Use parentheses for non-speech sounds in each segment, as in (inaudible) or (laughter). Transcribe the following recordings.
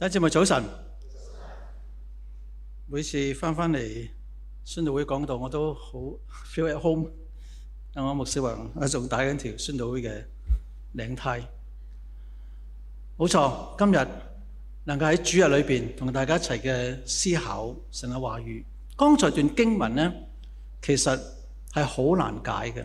第一節目早晨，每次返返嚟宣道會講道，我都好 feel at home。啊，我穆少榮，我仲戴緊條宣道會嘅領呔。冇錯，今日能夠喺主日裏面同大家一齊嘅思考神嘅話語，剛才段經文呢，其實係好難解嘅。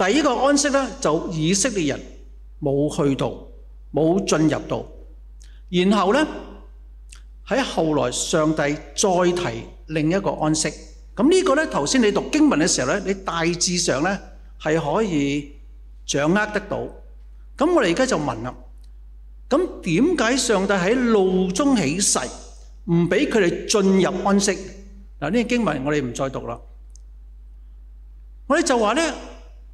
第一個安息咧，就以色列人冇去到，冇進入到。然後咧喺後來上帝再提另一個安息。咁呢個咧，頭先你讀經文嘅時候咧，你大致上咧係可以掌握得到。咁我哋而家就問啦，咁點解上帝喺怒中起誓，唔俾佢哋進入安息？嗱，呢個經文我哋唔再讀啦。我哋就話咧。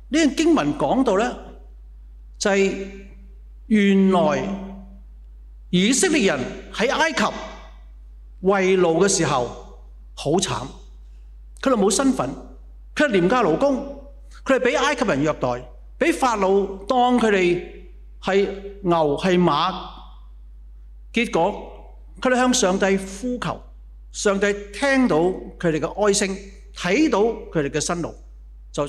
呢個經文講到咧，就係原來以色列人喺埃及為奴嘅時候好慘，佢哋冇身份，佢哋廉價勞工，佢哋俾埃及人虐待，俾法老當佢哋係牛係馬，結果佢哋向上帝呼求，上帝聽到佢哋嘅哀聲，睇到佢哋嘅辛勞，就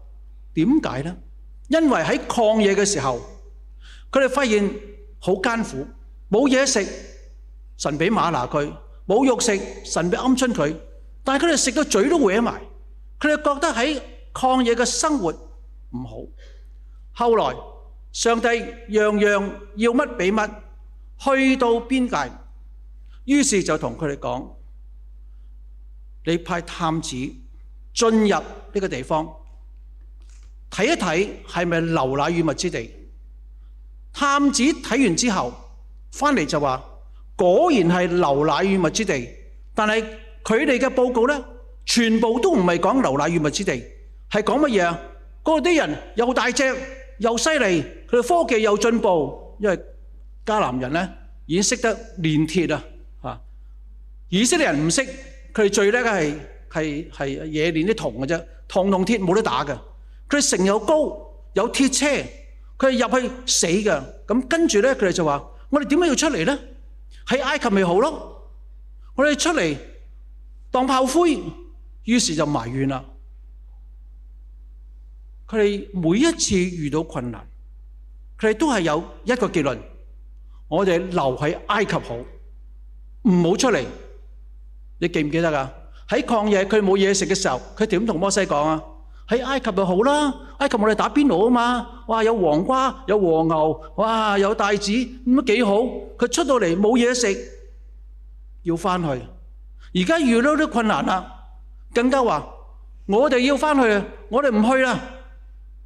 點解呢？因為喺曠野嘅時候，佢哋發現好艱苦，冇嘢食，神俾馬拿佢；冇肉食，神俾鵪鶉佢。但係佢哋食到嘴都歪埋，佢哋覺得喺曠野嘅生活唔好。後來上帝樣樣要乜俾乜，去到邊界，於是就同佢哋講：你派探子進入呢個地方。睇一睇係咪流奶與蜜之地？探子睇完之後，翻嚟就話：果然係流奶與蜜之地。但係佢哋嘅報告呢，全部都唔係講流奶與蜜之地，係講乜嘢啊？嗰啲人又大隻又犀利，佢哋科技又進步，因為迦南人呢已經識得鍊鐵啊！嚇，以色列人唔識，佢哋最叻嘅係係係冶鍊啲銅嘅啫，銅同鐵冇得打嘅。佢城又高，有鐵車，佢係入去死嘅。咁跟住咧，佢哋就話：我哋點解要出嚟咧？喺埃及咪好咯？我哋出嚟當炮灰，於是就埋怨啦。佢哋每一次遇到困難，佢哋都係有一個結論：我哋留喺埃及好，唔好出嚟。你記唔記得㗎？喺曠野，佢冇嘢食嘅時候，佢點同摩西講啊？喺埃及就好啦，埃及我哋打邊爐啊嘛，哇有黃瓜有和牛，哇有帶子咁都幾好！佢出到嚟冇嘢食，要翻去。而家遇到啲困難啦，更加話我哋要翻去，我哋唔去啦，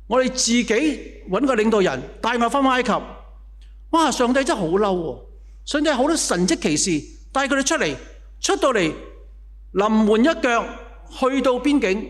我哋自己揾個領導人帶埋翻埃及。哇！上帝真係好嬲喎，上帝好多神蹟奇事帶佢哋出嚟，出到嚟臨門一腳去到邊境。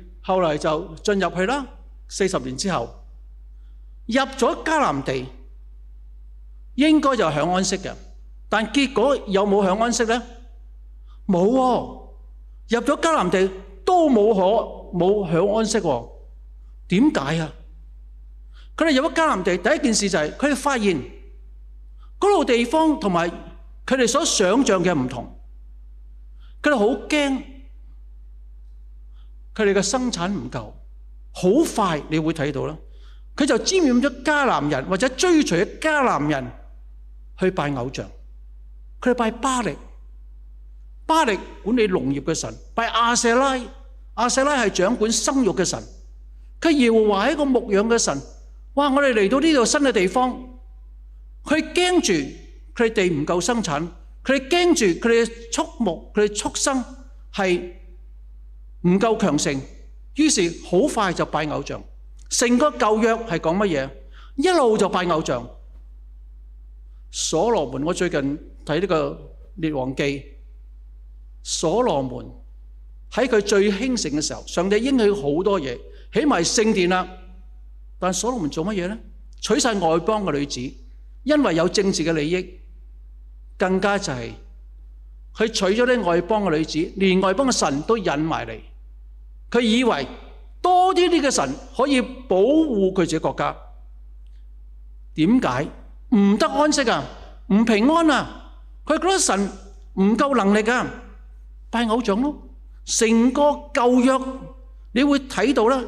後嚟就進入去啦，四十年之後入咗迦南地，應該就享安息嘅，但結果有冇享安息咧？冇喎、啊，入咗迦南地都冇可冇享安息喎。點解啊？佢哋入咗迦南地，第一件事就係佢哋發現嗰、那個地方同埋佢哋所想像嘅唔同，佢哋好驚。佢哋嘅生產唔夠，好快你會睇到啦。佢就沾染咗迦南人或者追隨咗迦南人去拜偶像。佢哋拜巴力，巴力管理農業嘅神；拜亞舍拉，亞舍拉係掌管生育嘅神。耶和華係個牧養嘅神。哇！我哋嚟到呢度新嘅地方，佢驚住佢哋地唔夠生產，佢哋驚住佢哋嘅畜牧，佢哋畜生係唔夠強盛，於是好快就拜偶像。成個舊約係講乜嘢？一路就拜偶像。所羅門，我最近睇呢個列王記。所羅門喺佢最興盛嘅時候，上帝應許好多嘢，起埋聖殿啦。但所羅門做乜嘢呢？娶晒外邦嘅女子，因為有政治嘅利益，更加就係，佢娶咗啲外邦嘅女子，連外邦嘅神都引埋嚟。佢以為多啲呢啲嘅神可以保護佢自己國家，點解唔得安息啊？唔平安啊！佢覺得神唔夠能力啊，拜偶像咯。成個舊約，你會睇到啦，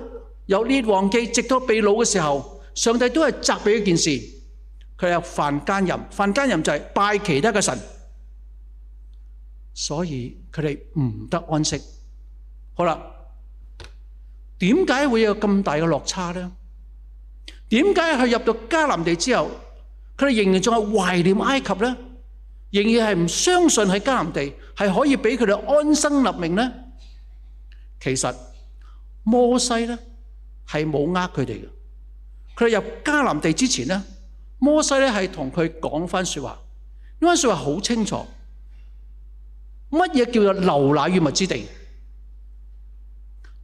有列王記，直到被擄嘅時候，上帝都係責備一件事，佢係犯奸淫。犯奸淫就係拜其他嘅神，所以佢哋唔得安息。好啦。點解會有咁大嘅落差咧？點解佢入到迦南地之後，佢哋仍然仲係懷念埃及咧？仍然係唔相信喺迦南地係可以俾佢哋安身立命咧？其實摩西咧係冇呃佢哋嘅。佢哋入迦南地之前咧，摩西咧係同佢講翻說話，呢番說話好清楚，乜嘢叫做流奶與蜜之地？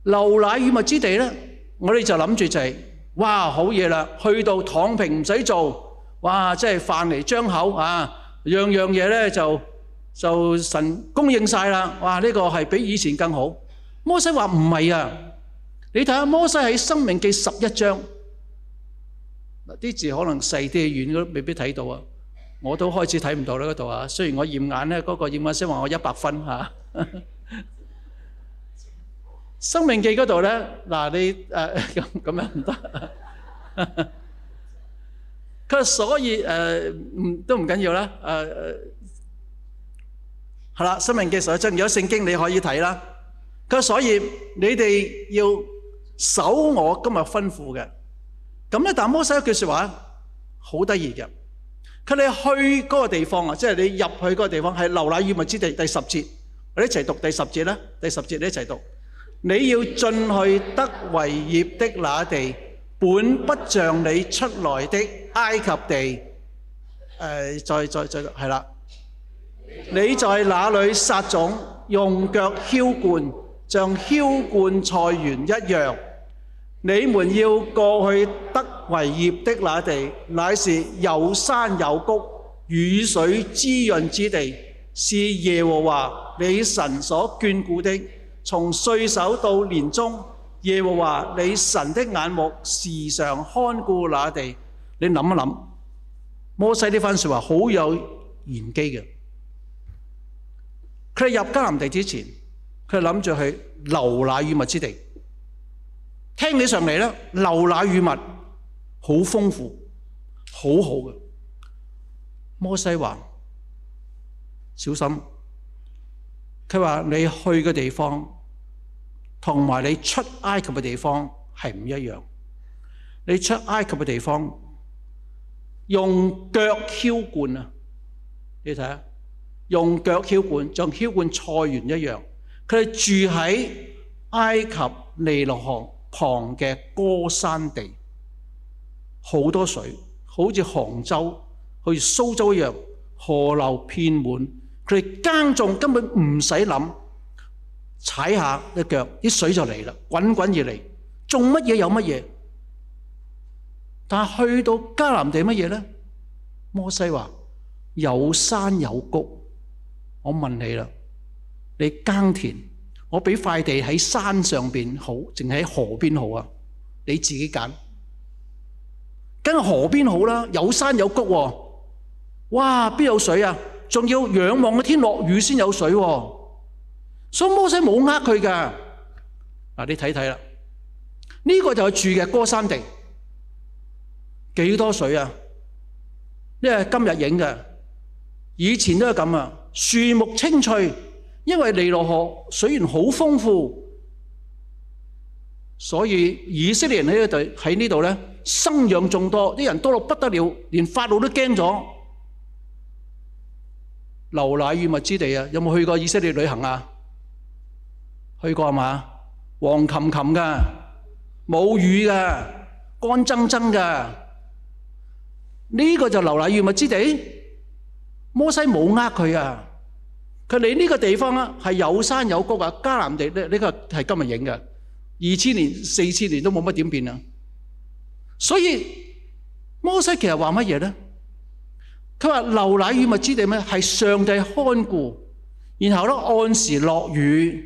牛奶與蜜之地咧，我哋就諗住就係哇好嘢啦，去到躺平唔使做，哇真係飯嚟張口啊，樣樣嘢咧就就神供應晒啦，哇呢個係比以前更好。摩西話唔係啊，你睇下摩西喺《生命記》十一章嗱啲字可能細啲，遠都未必睇到啊，我都開始睇唔到咧嗰度啊，雖然我驗眼咧，嗰個驗眼師話我一百分吓。生命記嗰度咧，嗱，你誒，咁咁樣唔得。佢所以，誒唔都唔緊要啦。誒係啦，生命記實在真有聖經你可以睇啦。佢所以，你哋要守我今日吩咐嘅，咁咧。但摩西一句説話好得意嘅，佢你去嗰個地方啊，即係你入去嗰個地方係流奶與蜜之地，第十節，我哋一齊讀第十節啦。第十節你一齊讀。你要進去得為業的那地，本不像你出來的埃及地。誒、呃，再再再，係啦。你在那裏撒種，用腳澆灌，像澆灌菜園一樣。你們要過去得為業的那地，乃是有山有谷、雨水滋潤之地，是耶和華你神所眷顧的。從歲首到年終，耶和華你神的眼目時常看顧那地。你諗一諗，摩西呢番說話好有玄機嘅。佢入迦南地之前，佢諗住去流奶與蜜之地。聽起上嚟咧，流奶與蜜好豐富，好好嘅。摩西話：小心！佢話你去嘅地方，同埋你出埃及嘅地方係唔一樣，你出埃及嘅地方用腳澆灌啊！你睇下，用腳澆灌，像澆灌菜園一樣。佢哋住喺埃及尼羅河旁嘅歌珊地，好多水，好似杭州，好似蘇州一樣，河流遍滿。佢哋耕種根本唔使諗。踩一下一腳，啲水就嚟啦，滾滾而嚟。種乜嘢有乜嘢？但係去到迦南地乜嘢呢？摩西話：有山有谷。我問你啦，你耕田，我俾塊地喺山上邊好，定喺河邊好啊？你自己揀。梗河邊好啦，啊，有山有谷喎，啊。哇，邊有水啊？仲要仰望個天落雨先有水喎，啊。所以摩西冇呃佢噶，嗱，你睇睇啦，呢個就係住嘅歌珊地幾多水啊？呢係今日影嘅，以前都係咁啊。樹木青翠，因為尼羅河水源好豐富，所以以色列人喺呢度喺呢度咧，生養眾多，啲人多到不得了，連法老都驚咗。牛奶與蜜之地啊！有冇去過以色列旅行啊？去過係嘛？黃冚冚噶，冇雨噶，乾掙掙噶。呢個就流奶與蜜之地。摩西冇呃佢啊，佢嚟呢個地方啊，係有山有谷嘅迦南地呢，呢個係今日影嘅，二千年、四千年都冇乜點變啊。所以摩西其實話乜嘢咧？佢話流奶與蜜之地咩？係上帝看顧，然後咧按時落雨。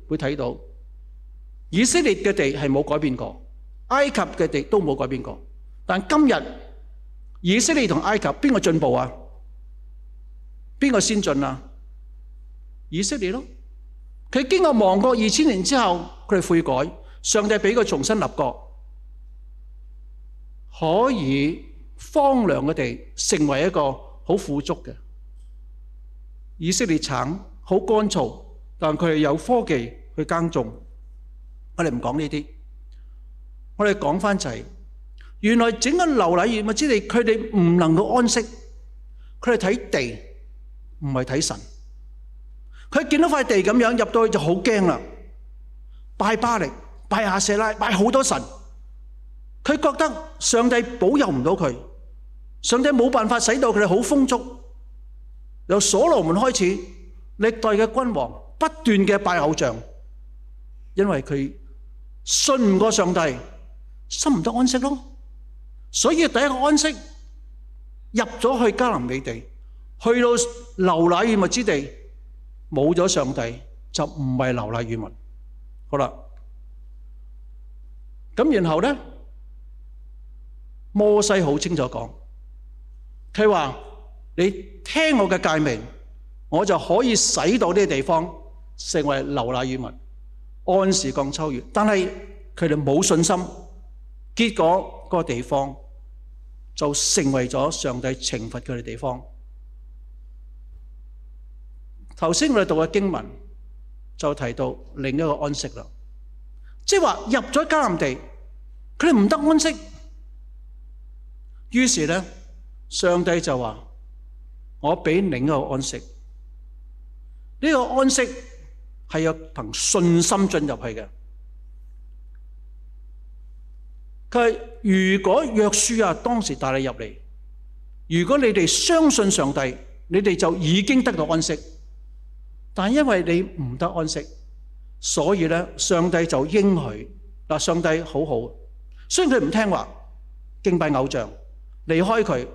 會睇到以色列嘅地係冇改變過，埃及嘅地都冇改變過。但今日以色列同埃及邊個進步啊？邊個先進啊？以色列咯，佢經過亡國二千年之後，佢哋悔改，上帝俾佢重新立國，可以荒涼嘅地成為一個好富足嘅以色列產，好乾燥，但佢係有科技。去耕種，我哋唔講呢啲，我哋講返就係原來整個流奶與蜜之地，佢哋唔能夠安息，佢哋睇地唔係睇神，佢見到塊地咁樣入到去就好驚啦，拜巴力、拜亞舍拉、拜好多神，佢覺得上帝保佑唔到佢，上帝冇辦法使到佢哋好豐足。由所羅門開始，歷代嘅君王不斷嘅拜偶像。因為佢信唔過上帝，心唔得安息咯。所以第一個安息入咗去迦南美地，去到流奶與蜜之地，冇咗上帝就唔係流奶與蜜。好啦，咁然後咧，摩西好清楚講，佢話你聽我嘅誡命，我就可以使到呢個地方成為流奶與蜜。按時降秋雨，但係佢哋冇信心，結果個地方就成為咗上帝懲罰佢哋地方。頭先我哋讀嘅經文就提到另一個安息啦，即係話入咗迦南地，佢哋唔得安息。於是咧，上帝就話：我俾另一個安息。呢個安息。係要憑信心進入去嘅。佢如果約書亞當時帶你入嚟，如果你哋相信上帝，你哋就已經得到安息。但因為你唔得安息，所以咧上帝就應許嗱，上帝好好。雖然佢唔聽話，敬拜偶像，離開佢，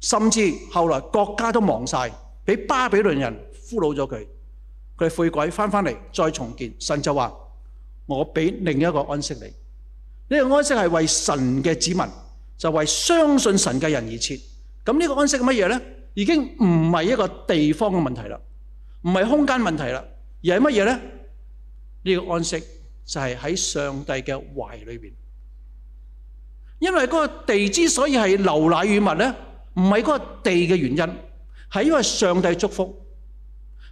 甚至後來國家都亡曬，俾巴比倫人俘虜咗佢。佢哋悔改翻翻嚟再重建，神就話：我俾另一個安息你。呢個安息係為神嘅子民，就係為相信神嘅人而設。咁呢個安息係乜嘢呢？已經唔係一個地方嘅問題啦，唔係空間問題啦，而係乜嘢呢？呢個安息就係喺上帝嘅懷裏邊。因為嗰個地之所以係流奶與蜜呢，唔係嗰個地嘅原因，係因為上帝祝福。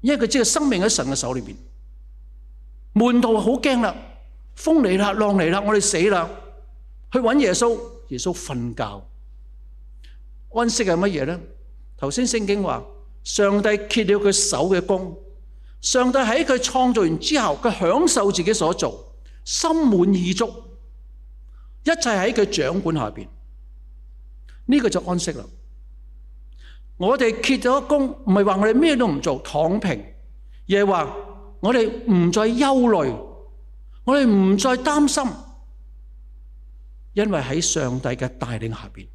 因為佢知道生命喺神嘅手裏邊，門徒好驚啦，風嚟啦，浪嚟啦，我哋死啦，去搵耶穌，耶穌瞓覺，安息係乜嘢咧？頭先聖經話，上帝歇了佢手嘅工，上帝喺佢創造完之後，佢享受自己所做，心滿意足，一切喺佢掌管下邊，呢、這個就安息啦。我哋歇咗工，唔係話我哋咩都唔做躺平，而係話我哋唔再憂慮，我哋唔再擔心，因為喺上帝嘅帶領下面。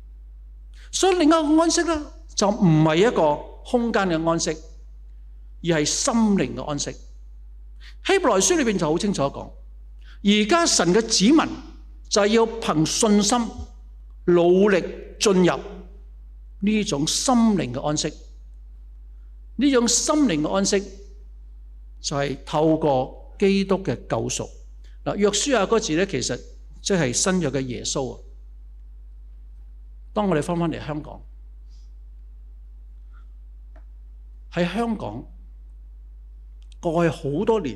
所以另一個安息呢，就唔係一個空間嘅安息，而係心靈嘅安息。希伯來書裏面就好清楚講，而家神嘅子民就要憑信心努力進入。呢種心靈嘅安息，呢種心靈嘅安息就係透過基督嘅救贖。嗱，約書亞嗰個字咧，其實即係新約嘅耶穌啊。當我哋翻返嚟香港，喺香港過去好多年，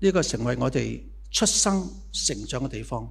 呢個成為我哋出生成長嘅地方。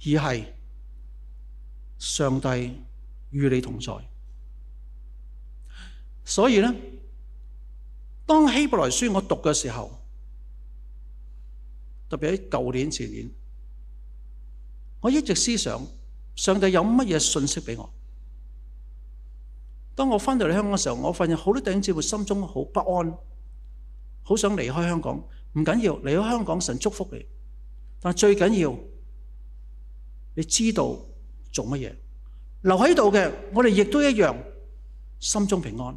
而係上帝與你同在，所以呢，當希伯來書我讀嘅時候，特別喺舊年、前年，我一直思想上帝有乜嘢信息俾我。當我返到嚟香港嘅時候，我發現好多弟兄姊妹心中好不安，好想離開香港。唔緊要，離開香港神祝福你，但最緊要。你知道做乜嘢？留喺度嘅，我哋亦都一樣心中平安。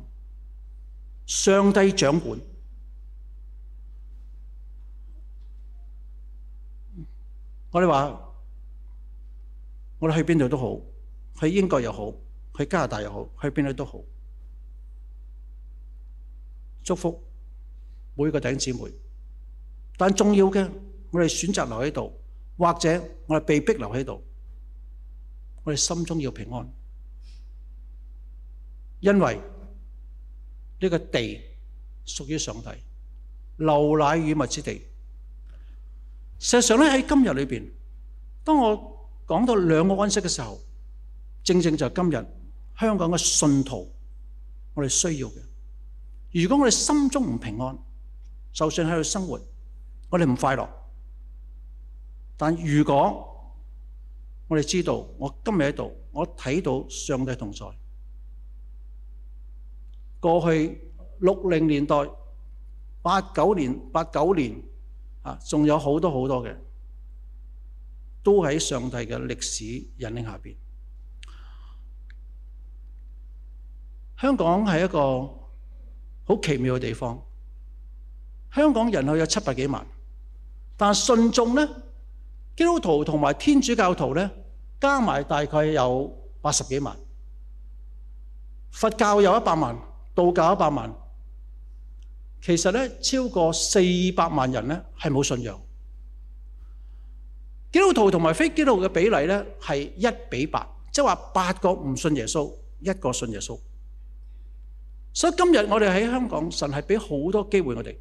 上帝掌管。我哋話：我哋去邊度都好，去英國又好，去加拿大又好，去邊度都好。祝福每個弟兄姊妹。但重要嘅，我哋選擇留喺度，或者我哋被逼留喺度。我哋心中要平安，因為呢個地屬於上帝，流奶與蜜之地。事實上咧，喺今日裏邊，當我講到兩個安息嘅時候，正正就係今日香港嘅信徒，我哋需要嘅。如果我哋心中唔平安，就算喺度生活，我哋唔快樂。但如果我哋知道，我今日喺度，我睇到上帝同在。過去六零年代、八九年、八九年，吓仲有好多好多嘅，都喺上帝嘅歷史引領下邊，香港係一個好奇妙嘅地方。香港人口有七百幾萬，但信眾咧，基督徒同埋天主教徒咧，加埋大概有八十幾萬，佛教有一百萬，道教一百萬。其實咧超過四百萬人咧係冇信仰。基督徒同埋非基督徒嘅比例咧係一比八，即係話八個唔信耶穌，一個信耶穌。所以今日我哋喺香港，神係俾好多機會我哋。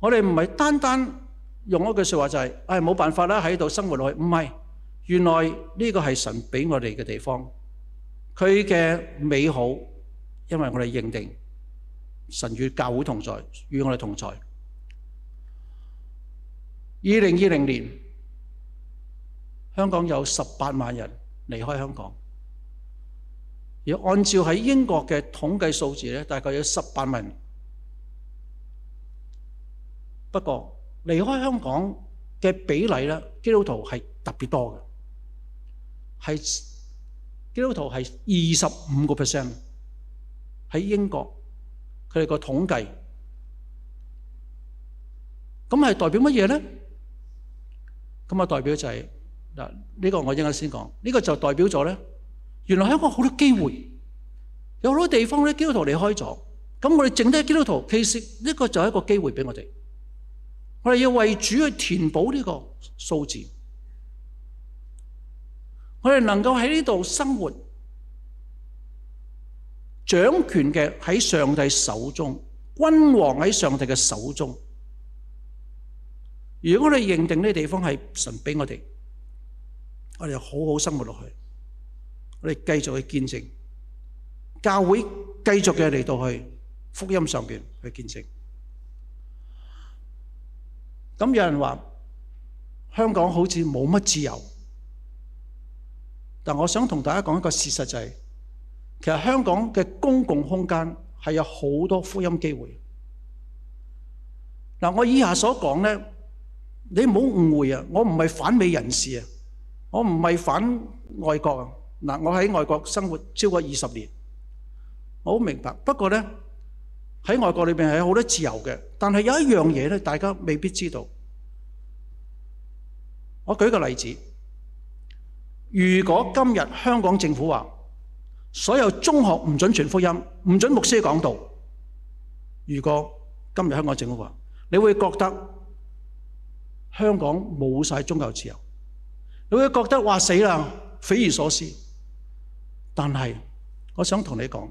我哋唔係單單。用一句説話，就係，唉，冇辦法啦，喺度生活落去。唔係，原來呢個係神畀我哋嘅地方，佢嘅美好，因為我哋認定神與教會同在，與我哋同在。二零二零年，香港有十八萬人離開香港，而按照喺英國嘅統計數字咧，大概有十八萬人。不過，離開香港嘅比例咧，基督徒係特別多嘅，係基督徒係二十五個 percent 喺英國，佢哋個統計，咁係代表乜嘢咧？咁啊代表就係嗱，呢個我應該先講，呢個就代表咗咧，原來香港好多機會，有好多地方咧基督徒離開咗，咁我哋剩低基督徒，其實呢個就係一個機會俾我哋。我哋要為主去填補呢個數字，我哋能夠喺呢度生活，掌權嘅喺上帝手中，君王喺上帝嘅手中。如果我哋認定呢地方係神俾我哋，我哋就好好生活落去，我哋繼續去見證，教會繼續嘅嚟到去福音上邊去見證。咁有人話香港好似冇乜自由，但係我想同大家講一個事實就係，其實香港嘅公共空間係有好多福音機會。嗱，我以下所講咧，你唔好誤會啊，我唔係反美人士啊，我唔係反外國啊。嗱，我喺外國生活超過二十年，我好明白。不過咧。喺外國裏面係有好多自由嘅，但係有一樣嘢咧，大家未必知道。我舉個例子：如果今日香港政府話所有中學唔准傳福音、唔准牧師講道，如果今日香港政府話，你會覺得香港冇曬宗教自由，你會覺得，哇死啦，匪夷所思。但係我想同你講。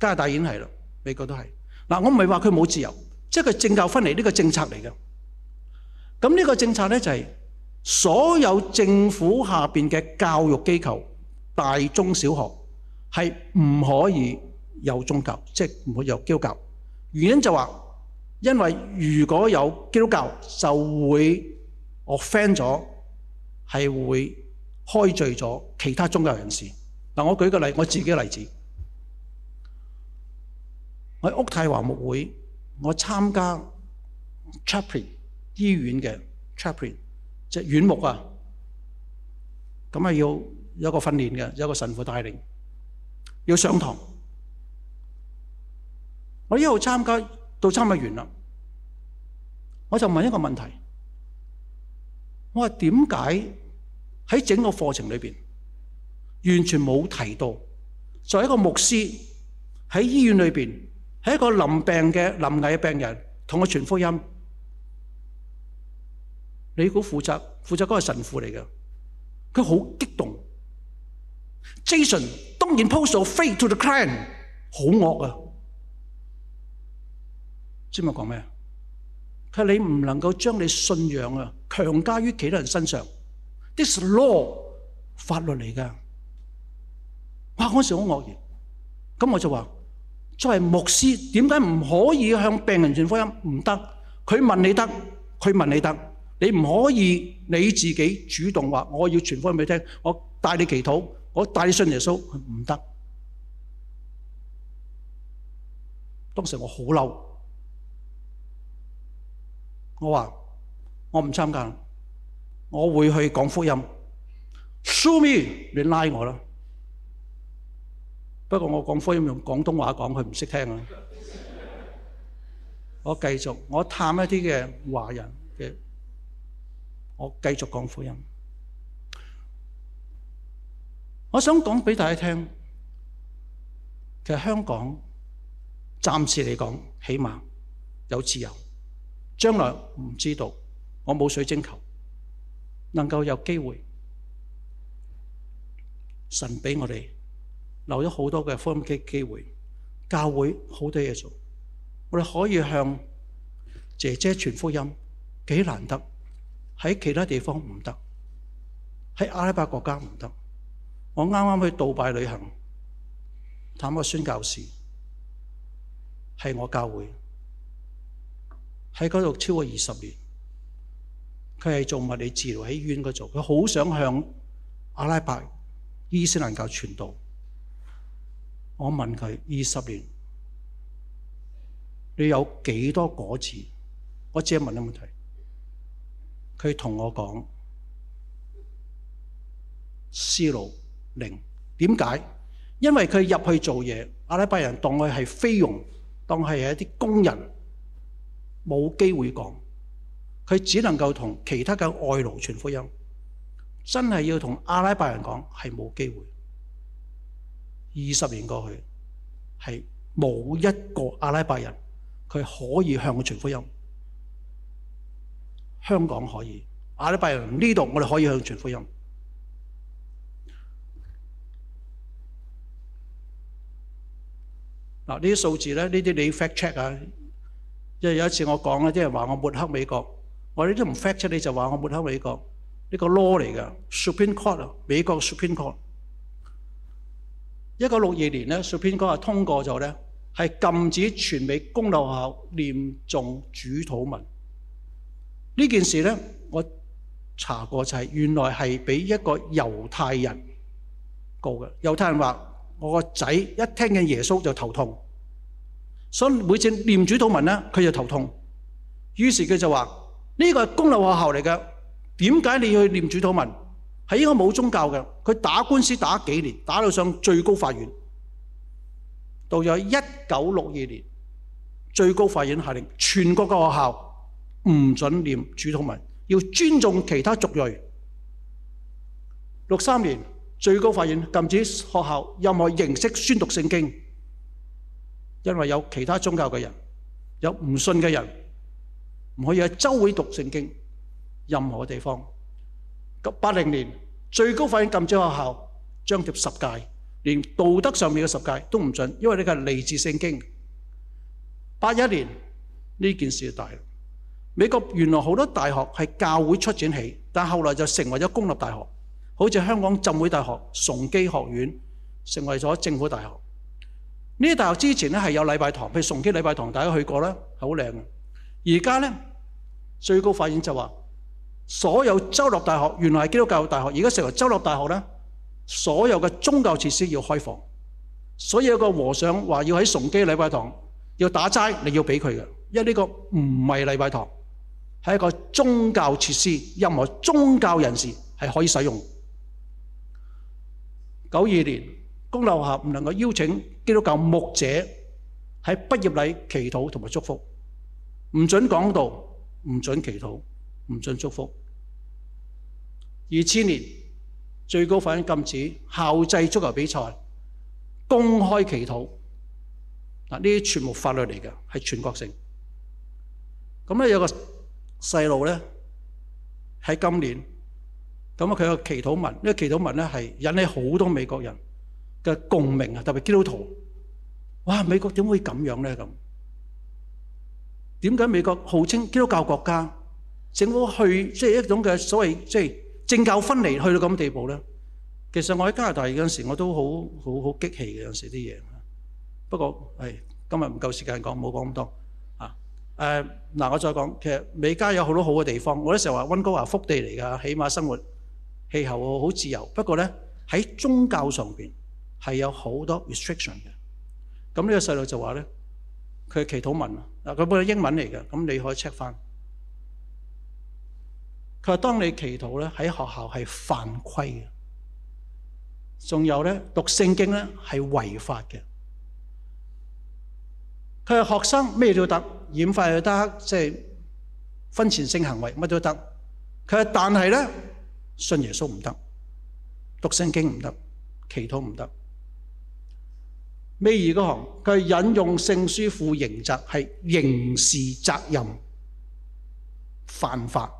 加拿大已經係咯，美國都係。嗱，我唔係話佢冇自由，即係佢政教分離呢個政策嚟嘅。咁呢個政策咧就係、是、所有政府下邊嘅教育機構，大中小學係唔可以有宗教，即係唔可以有基督教。原因就話，因為如果有基督教就會 offend 咗，係會開罪咗其他宗教人士。嗱，我舉個例，我自己嘅例子。喺屋太華牧會，我參加 chaplain 醫院嘅 chaplain 即係院牧啊。咁啊，要有一個訓練嘅，有一個神父帶領，要上堂。我一路參加到參加完啦，我就問一個問題：我話點解喺整個課程裏邊完全冇提到，作為一個牧師喺醫院裏邊？係一個臨病嘅臨危嘅病人，同我傳福音。你估負責負責嗰個神父嚟㗎？佢好激動。Jason 當然 post your faith to the client。好惡啊！知唔知我講咩？佢話你唔能夠將你信仰啊強加於其他人身上。This law 法律嚟㗎，哇！嗰時好惡言，咁我就話。都係牧師，點解唔可以向病人傳福音？唔得，佢問你得，佢問你得，你唔可以你自己主動話我要傳福音俾你聽，我帶你祈禱，我帶你信耶穌，佢唔得。當時我好嬲，我話我唔參加，我會去講福音，疏密你拉我啦。不過我講福音用廣東話講，佢唔識聽啊！ (laughs) 我繼續，我探一啲嘅華人嘅，我繼續講福音。我想講畀大家聽，其實香港暫時嚟講，起碼有自由，將來唔知道，我冇水晶球，能夠有機會，神畀我哋。留咗好多嘅福音機機會，教會好多嘢做。我哋可以向姐姐傳福音，幾難得，喺其他地方唔得，喺阿拉伯國家唔得。我啱啱去杜拜旅行，探個宣教士係我教會。喺嗰度超過二十年。佢係做物理治療喺醫院嗰度，佢好想向阿拉伯伊斯蘭教傳道。我問佢二十年，你有幾多果子？我只係問呢個問題。佢同我講思路零，點解？因為佢入去做嘢，阿拉伯人當佢係菲傭，當佢係一啲工人，冇機會講。佢只能夠同其他嘅外勞傳福音，真係要同阿拉伯人講係冇機會。二十年過去，係冇一個阿拉伯人佢可以向我傳福音。香港可以，阿拉伯人呢度我哋可以向傳福音。嗱，呢啲數字咧，呢啲你要 fact check 啊！即係有一次我講咧，即係話我抹黑美國，我你都唔 fact check 你就話我抹黑美國，呢個 law 嚟㗎，supreme court，美國嘅 supreme court。一九六二年咧，小編哥啊通過咗咧，係禁止全美公立學校念誦主土文。呢件事咧，我查過就係原來係俾一個猶太人告嘅。猶太人話：我個仔一聽見耶穌就頭痛，所以每次念主土文咧，佢就頭痛。於是佢就話：呢個係公立學校嚟嘅，點解你要去念主土文？係應該冇宗教嘅。佢打官司打幾年，打到上最高法院，到咗一九六二年，最高法院下令全國嘅學校唔準念主禱文，要尊重其他族裔。六三年最高法院禁止學校任何形式宣讀聖經，因為有其他宗教嘅人，有唔信嘅人，唔可以喺周會讀聖經，任何地方。八零年最高法院禁止學校張貼十戒，連道德上面嘅十戒都唔準，因為呢個係嚟自聖經。八一年呢件事就大啦。美國原來好多大學係教會出展起，但後來就成為咗公立大學，好似香港浸會大學、崇基學院成為咗政府大學。呢啲大學之前咧係有禮拜堂，譬如崇基禮拜堂，大家去過啦，係好靚。而家呢，最高法院就話、是。所有州立大學原來係基督教大學，而家成為州立大學咧，所有嘅宗教設施要開放。所以有個和尚話要喺崇基禮拜堂要打齋，你要俾佢嘅，因為呢個唔係禮拜堂，係一個宗教設施，任何宗教人士係可以使用。九二年公立學校唔能夠邀請基督教牧者喺畢業禮祈禱同埋祝福，唔準講道，唔準祈禱。唔准祝福。二千年最高法院禁止校際足球比賽公開祈禱。嗱，呢啲全部法律嚟嘅，係全國性咁咧。有個細路咧，喺今年咁啊，佢個祈禱文，呢個祈禱文咧係引起好多美國人嘅共鳴啊，特別基督徒哇！美國點會咁樣咧？咁點解美國號稱基督教國家？政府去即係一種嘅所謂即係政教分離去到咁地步咧，其實我喺加拿大嗰陣時我都好好好激氣嘅有時啲嘢。不過係今日唔夠時間講，冇講咁多嚇。誒嗱，我再講其實美加有好多好嘅地方。我啲時候話温哥華福地嚟㗎，起碼生活氣候好自由。不過咧喺宗教上面係有好多 restriction 嘅。咁呢個細路就話咧，佢係祈禱文啊，嗱佢本係英文嚟㗎，咁你可以 check 翻。佢話：當你祈禱咧，喺學校係犯規嘅；仲有咧，讀聖經咧係違法嘅。佢話學生什麼可以，咩都得，染髮又得，即係婚前性行為乜都得。佢話：但係咧，信耶穌唔得，讀聖經唔得，祈禱唔得。尾二嗰行，佢引用聖書負刑責係刑事責任犯法。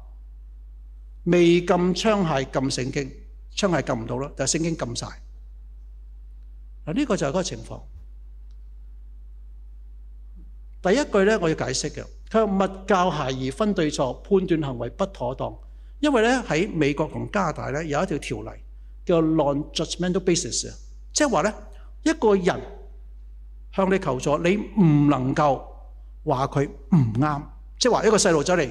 未禁槍械禁聖經，槍械禁唔到咯，但係聖經禁晒。嗱、這、呢個就係嗰個情況。第一句咧，我要解釋嘅，佢話勿教孩兒分對錯，判斷行為不妥當。因為咧喺美國同加拿大咧有一條條例叫 nonjudgmental basis 啊，即係話咧一個人向你求助，你唔能夠話佢唔啱。即係話一個細路仔嚟。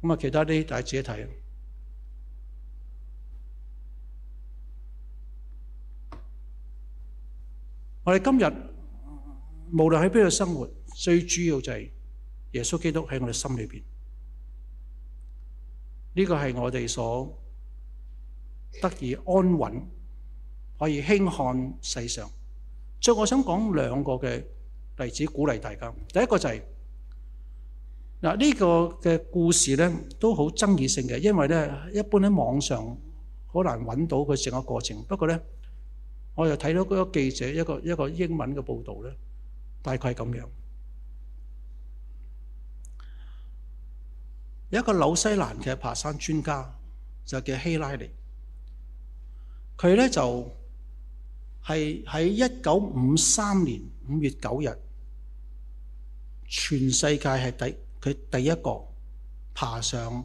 咁啊，其他啲大家自己睇。我哋今日無論喺邊度生活，最主要就係耶穌基督喺我哋心裏邊。呢個係我哋所得以安穩，可以輕看世上。所以我想講兩個嘅例子鼓勵大家，第一個就係。嗱，呢個嘅故事呢都好爭議性嘅，因為呢一般喺網上好難揾到佢成個過程。不過呢，我又睇到嗰個記者一個一個英文嘅報導呢，大概係咁樣。有一個紐西蘭嘅爬山專家就叫希拉里，佢呢就係喺一九五三年五月九日，全世界係第佢第一個爬上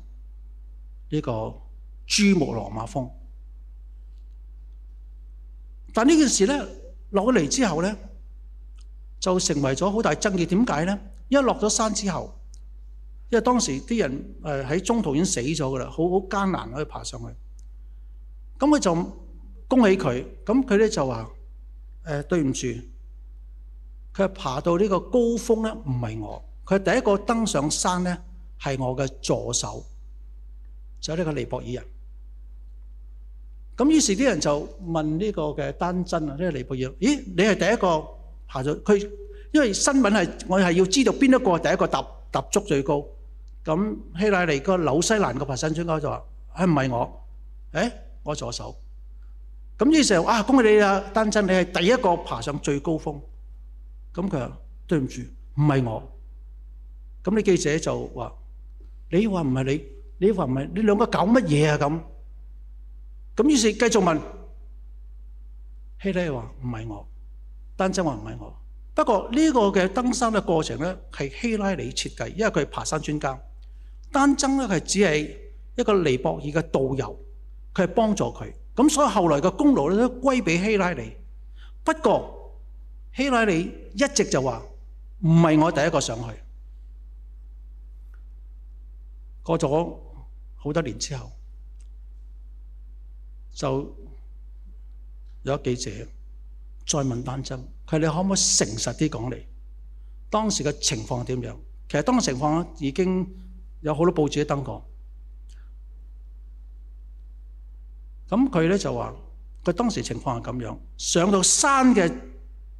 呢個珠穆朗瑪峰，但呢件事咧落咗嚟之後咧，就成為咗好大爭議。點解咧？因為落咗山之後，因為當時啲人誒喺中途已經死咗噶啦，好好艱難可以爬上去。咁佢就恭喜佢，咁佢咧就話誒、欸、對唔住，佢係爬到呢個高峰咧，唔係我。佢第一個登上山咧，係我嘅助手，就係呢個尼泊爾人。咁於是啲人就問呢個嘅丹真啊，呢個尼泊爾人，咦？你係第一個爬咗佢，因為新聞係我係要知道邊一個係第一個踏踏足最高。咁希拉里個紐西蘭個爬山專家就話：啊，唔係我，誒，我助手。咁於是啊，恭喜你啦，丹真，你係第一個爬上最高峰。咁佢話：對唔住，唔係我。咁啲記者就話：你話唔係你，你話唔係，你兩個搞乜嘢啊？咁咁於是繼續問希拉里話唔係我，丹增話唔係我。不過呢個嘅登山嘅過程咧係希拉里設計，因為佢係爬山專家。丹增咧佢只係一個尼泊爾嘅導遊，佢係幫助佢。咁所以後來嘅功勞咧都歸俾希拉里。不過希拉里一直就話唔係我第一個上去。過咗好多年之後，就有記者再問丹增，佢你可唔可以誠實啲講嚟，當時嘅情況點樣？其實當時情況已經有好多報紙都登過。咁佢咧就話佢當時情況係咁樣上到山嘅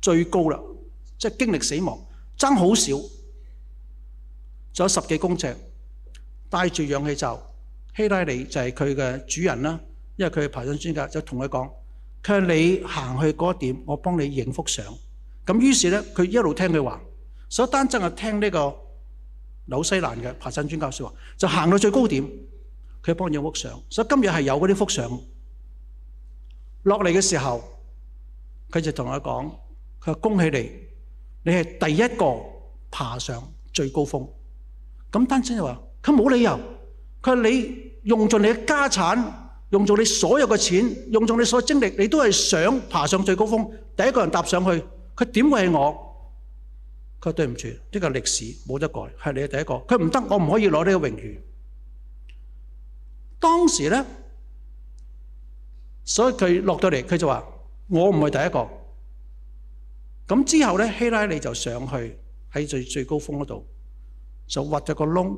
最高啦，即係經歷死亡爭好少，仲有十幾公尺。帶住氧氣罩，希拉里就係佢嘅主人啦，因為佢係爬山專家，就同佢講：佢話你行去嗰點，我幫你影幅相。咁於是咧，佢一路聽佢話，所以丹增啊聽呢個紐西蘭嘅爬山專家説話，就行到最高點，佢幫你影幅相。所以今日係有嗰啲幅相。落嚟嘅時候，佢就同佢講：佢話恭喜你，你係第一個爬上最高峰。咁丹增就話。佢冇理由，佢話你用盡你嘅家產，用盡你所有嘅錢，用盡你所有精力，你都係想爬上最高峰，第一個人踏上去，佢點會係我？佢話對唔住，呢個歷史冇得改，係你嘅第一個，佢唔得，我唔可以攞呢個榮譽。當時咧，所以佢落到嚟，佢就話我唔係第一個。咁之後咧，希拉里就上去喺最最高峰嗰度，就挖咗個窿。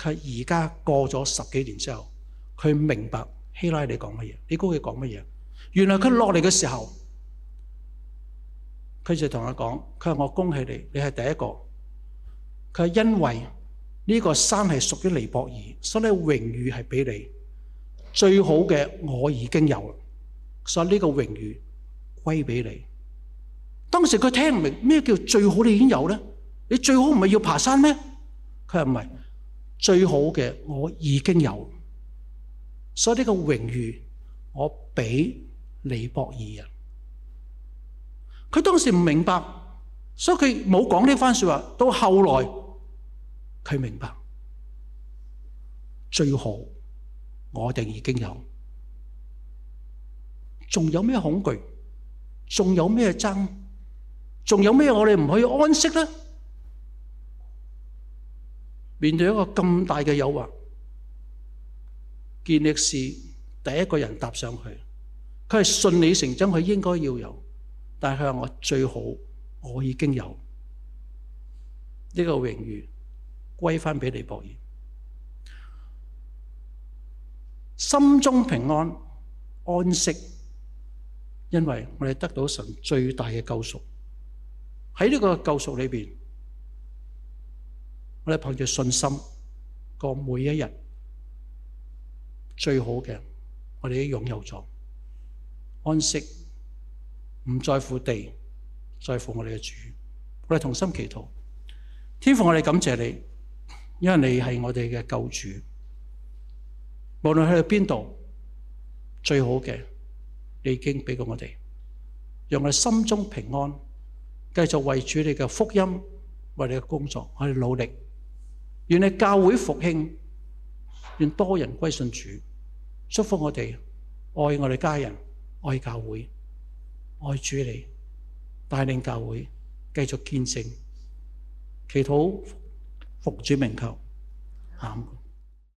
佢而家過咗十幾年之後，佢明白希拉里講乜嘢？你估佢講乜嘢？原來佢落嚟嘅時候，佢就同我講：佢話我恭喜你，你係第一個。佢係因為呢個山係屬於尼泊爾，所以你榮譽係俾你。最好嘅我已經有啦，所以呢個榮譽歸俾你。當時佢聽唔明咩叫最好你已經有咧？你最好唔係要爬山咩？佢話唔係。最好嘅我已經有，所以呢個榮譽我俾李博義人。佢當時唔明白，所以佢冇講呢番説話。到後來佢明白，最好我哋已經有，仲有咩恐懼？仲有咩爭？仲有咩我哋唔可以安息呢？」面對一個咁大嘅誘惑，健力士第一個人搭上去，佢係順理成章，佢應該要有，但係佢話，我最好，我已經有呢個榮譽，歸翻俾李博賢。心中平安安息，因為我哋得到神最大嘅救贖，喺呢個救贖裏邊。我哋憑住信心，過每一日最好嘅，我哋都擁有咗安息，唔在乎地，在乎我哋嘅主。我哋同心祈禱。天父，我哋感謝你，因為你係我哋嘅救主。無論去到邊度，最好嘅你已經俾過我哋，讓我哋心中平安，繼續為主你嘅福音，為你嘅工作，我哋努力，願你教會復興，願多人歸信主，祝福我哋，愛我哋家人，愛教會，愛主嚟帶領教會繼續見證，祈禱奉主名求，